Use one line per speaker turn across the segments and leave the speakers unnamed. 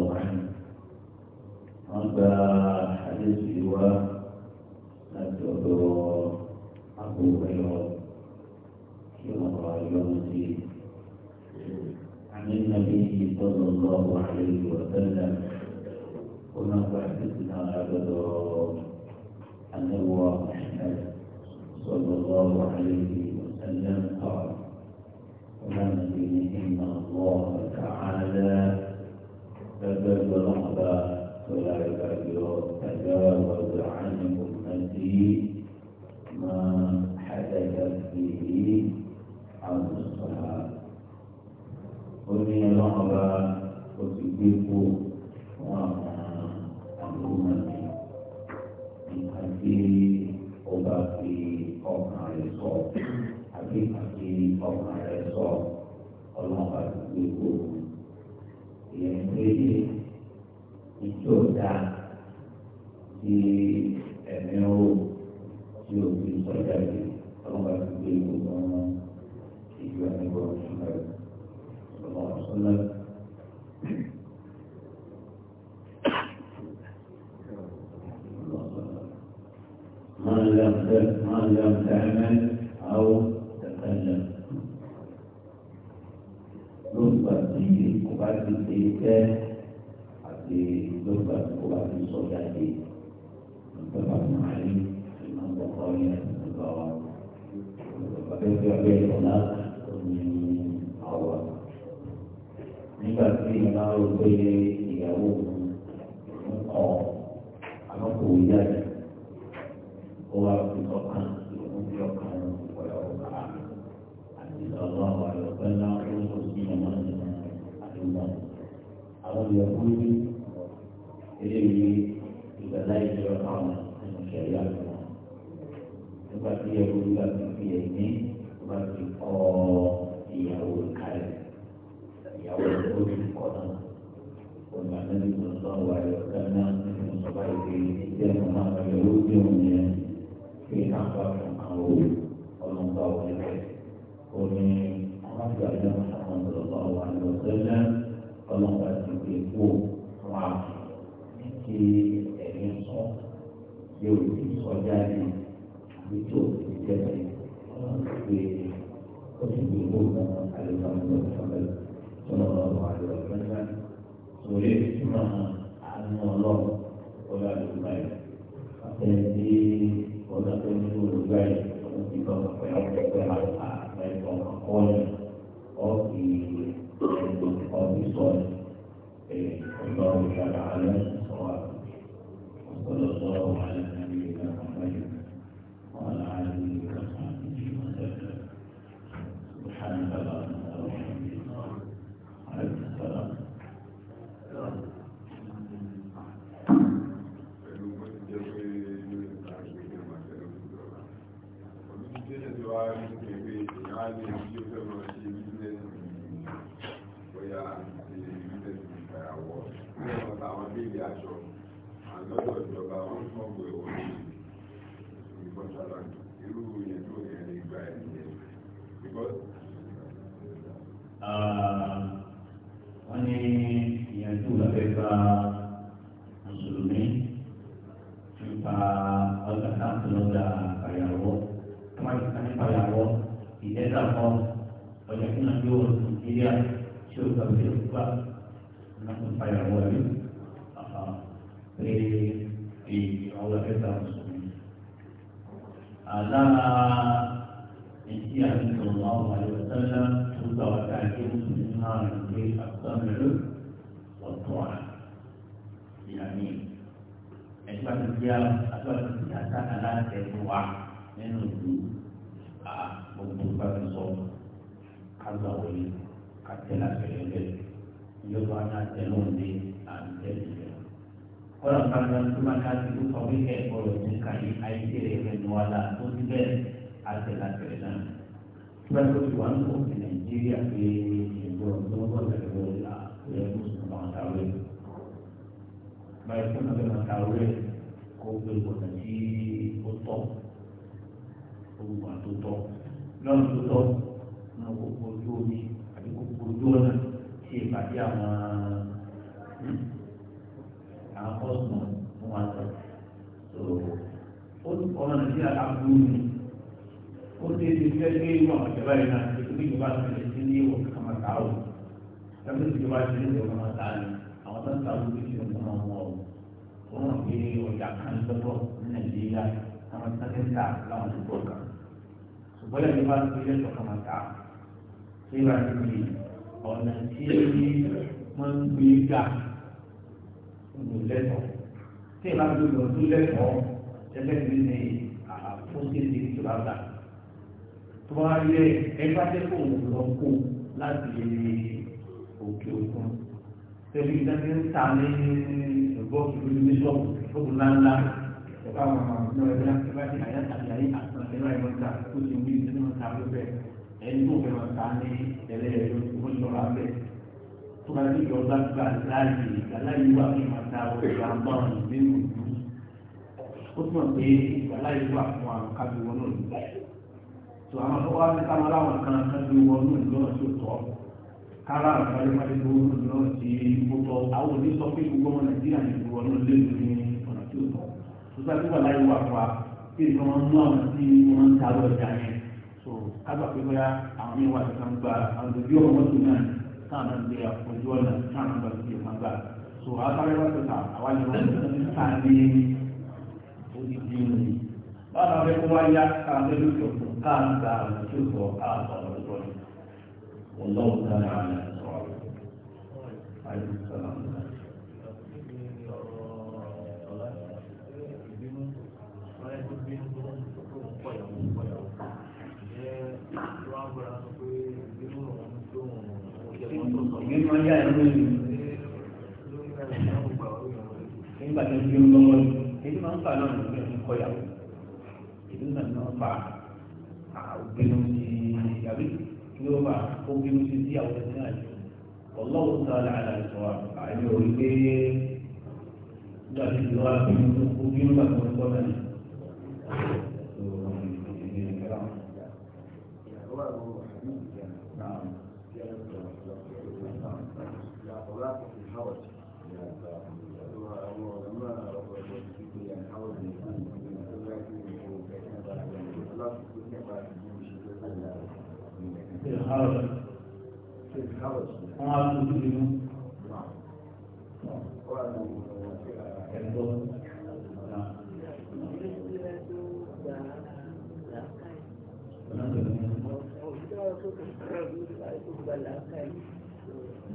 الله عنه أنت حديث هو أتوقع أبو هريرة كما قال يوم عن النبي صلى الله عليه وسلم وما حدثنا عبد أنه محمد صلى الله عليه وسلم قال وما من الله تعالى فالبلد لحظة ولا يبعد تجاوز عن أمتي ما حدثت به أنفسها ومن لحظة وتجيب وما أمتي من أجل أبقي أمع الصوت أبقي أمع الصوت الله أكبر sí ìjọ da ti ẹ̀mí owó tí o ti sọ̀dá yìí ọlọ́run bá ti gbé gbogbo wọn ìjọ ẹ̀mí owó ṣùgbọ́n ọlọ́run sọ́lá. ما لم تعمل أو تتكلم رتبة في قبعة àti lọ́gbà tó wà ní sọ́jà dé lọ́gbà tó wà ní ìmọ̀ ọkọ̀ yẹn lọ́gbà wa lọ́gbà tó fi ọbẹ̀ ìtọ́lá ní àwọ̀ nígbà tí ìmọ̀ ọgbẹ́ ìyàwó ọkọ̀ àkọ́kọ̀ òun jáde. ẹjọ́ àwọn ìṣẹ̀lẹ̀ àgbà nígbà tí ẹrú nígbà tí fi ẹ̀mí nígbà tí kọ́ ìyàwó kalẹ̀ ìyàwó tó ti kọ́ náà ònà níbi tó ń sọ wà lọ gánà nínú sọba ìgbé ìdí ẹnu máa ń lọ lórí òun yẹn fi àpá fún àwọn ọlọ́mọba òun rẹ̀ òní àwọn àgbà náà àwọn ọlọ́mọba wà lọ gánà ọlọ́mọba ti gbé kú wọn àti yóò ti kọjá ní àbí tó ọ̀hún pé dia syurga syurga nak saya wali apa dari di Allah kita muslim ala Insyaallah sallallahu alaihi wasallam syurga wa ta'ala Yang bi aqsamil wa ta'a yani ẹgbẹ́ tó bí agbẹ́ tó bí asáka láti ẹ̀fọ́ wa nínú ìlú gbogbo ìgbà tó sọ kájọ wọlé àtẹlẹ àtẹlẹ ìjọba ní àtẹlẹ òde àtẹlẹ kọlọ kankan tó máa ká tó kọ bí kẹkọọ rẹ ní kàyé àìsí rẹ fẹnu wa la tó ti bẹ àtẹlẹ àtẹlẹ náà tíwájú tó ti wà ní òkè nàìjíríà pé ìgbọràn tó ń bọ̀ lẹ́yìn lọ́wọ́ la ìyẹn kó sùn máa ta wẹ́ báyìí fún ọ̀gá máa ta wẹ́ kó gbé ìgbọ̀nà tí ó tọ̀ ó gbọ̀nà tó tọ̀ lọ́nà tó tọ̀ ní ọkọ̀ ojú omi àbí gbogbo ojú ọ̀nà tí ìpàdé àwọn hmm, àwọn kọ́sùmọ̀ fún wa sọ. ó ti kọ́ ọ̀nà sí àbúrú mi ó ti ti fẹ́ gbé ìwọ̀n ìjọba yìí náà ètò bí ìjọba ti ti ní ìwọ̀n kàmá ká o ẹgbẹ́ ìjọba ti ní ìwọ̀n kàmá ká ni àwọn tó ń ta ojú ti ọ̀nà wọn wọ̀ ó wọ́n gbé ọjà kan lọ́tọ̀ ní Nàìjíríà àwọn tó ń ta láwọn tó bọ̀ kan ṣùgbọ́n ìjọba ti ní ìwọ̀n kàmá ká o síra ìgbì ọ̀nà tí wọ́n ń gbé gà ló lẹ́tọ̀ọ́ tí ìlà gbogbo ọdún lẹ́tọ̀ọ́ ẹlẹ́gbẹ̀ẹ́ ní àfọ́sẹ́sẹ́ ìtura gbà tó bá yẹ ẹgbẹ́ akẹ́kọ̀ọ́ lọ kó láti òkè òkun tẹ̀lé ìdájọ́ ń ta ní ẹ̀gbọ́n ìlú ní sọ́ọ̀bù fóònù ńláńlá ẹ̀ka àwọn ọmọ ọmọ ẹgbẹ́ akẹ́kọ̀ọ́ àti àyàtàlẹ́ àyè àtàlẹ́ ẹ̀rọ ẹ̀rọ ìta tó ti ń bí ìdílé wọn ta ló bẹ́ẹ̀ ẹni tó fẹ́ máa ta ní ẹlẹ́yẹ̀dọ́ tó ń lọ́ra bẹ́ẹ̀ tó bá ti yọba gba láàyè ìgbàláyè wà fún máa ta ọ̀gá báwọn nínú ìlú ó túmọ̀ pé ìgbàláyè wà fún àwọn kábí wọn náà tó àwọn tó wá ní káwọn aláwọn kan kábí wọn náà lọ́wọ́ tó tọ́ kára àgbáyé wáyé tó lọ́wọ́ tí ó tọ́ àwọn onísọ pé gbogbo ọmọ nàìjíríà ní ìlú wọn náà lé ní ọ̀nà tó tọ́ tó sábẹ́ ìgbàláyè wà fún wa kí ìfọwọ́n mú àwọn tí wọ́n ń ta ọjà yẹn so kágbà pé bóyá àwọn míín wà tẹ̀sán gba àwọn ìdòbí ọmọ mọ́tò náà táwọn náà gbé ojú ọ̀nà táwọn náà gbà sí ìfọ̀n gbà so àbáyé wà tẹ̀sán àwa ni wọ́n ti sàn ní odidi òní báwọn abẹ́ kó wá yá káwọn abẹ́ lókè ọ̀tún káwọn gba àwọn tí ó sọ káwọn sọ ọ̀rọ̀ wọn èyí máa ń fà náà nígbà tí kọ́ yàwó èyí náà náà fà àbínú sí yàrá kí ló fà ó bínú sí sí àwọn ẹni náà jù ọlọ́wọ́ sọ̀rọ̀ àlàyé àyè orí pé dàbí ìlú àbínú ó bínú bàtà wọn kọ́ náà Thank you. الحرج وما تدركون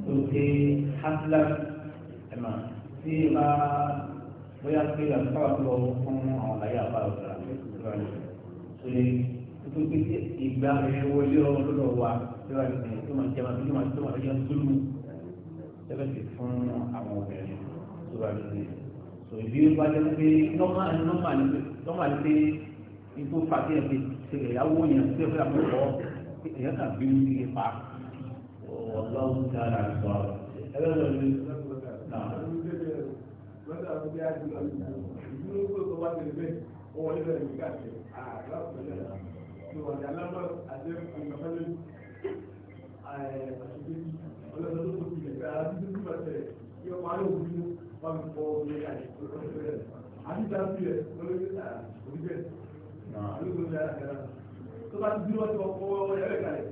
Tòkè Hafla ẹ̀mà tí a bóyá pé àtúntàwà tó lọ fún nítorí pé ìgbà ìṣòwò ilé ọmọ tó lọ wà lórí àgbẹ̀ tó máa jẹ́ máa tó máa tó máa yọ sólù lẹ́fẹ̀sì fún àwọn obìnrin tó bá lórí so ìbí wá jẹ́ pé nọ́mà ní pé ipò pàtí ẹ̀ pé ṣe ìyàwó yẹn tí ẹ fẹ́ àmọ́ kọ́ èèyàn kà bí wọ́n ti pa ọlọ́run tí a rà sọ ẹgbẹ́ lọ sí náà. Mọ́tò àwọn ọmọdé àti ìlú ọ̀gbìn ìdúró gbọ́dọ̀ wá tẹ̀lé bẹ́ẹ̀ wọ́n wọlé bẹ̀rẹ̀ nígbà tẹ̀ àgbà ọ̀gbìn náà ìwà ìdálábà àti ìgbàfẹ́lẹ́ àṣìṣe ọlọ́dọ́ tó ti lè gba títí tí wọ́n tẹ̀ kí ọmọ ayé òbí mú wà mí fọ omi àti ìgbàfẹ́lẹ́ àti ìgbàfẹ́lẹ́ lọ́lọ́dọ́ òbí bẹ́ẹ̀ lọ́lọ́dọ́ tó bá ti dúró tó ọkọ̀ ẹ̀rẹ́ kalẹ̀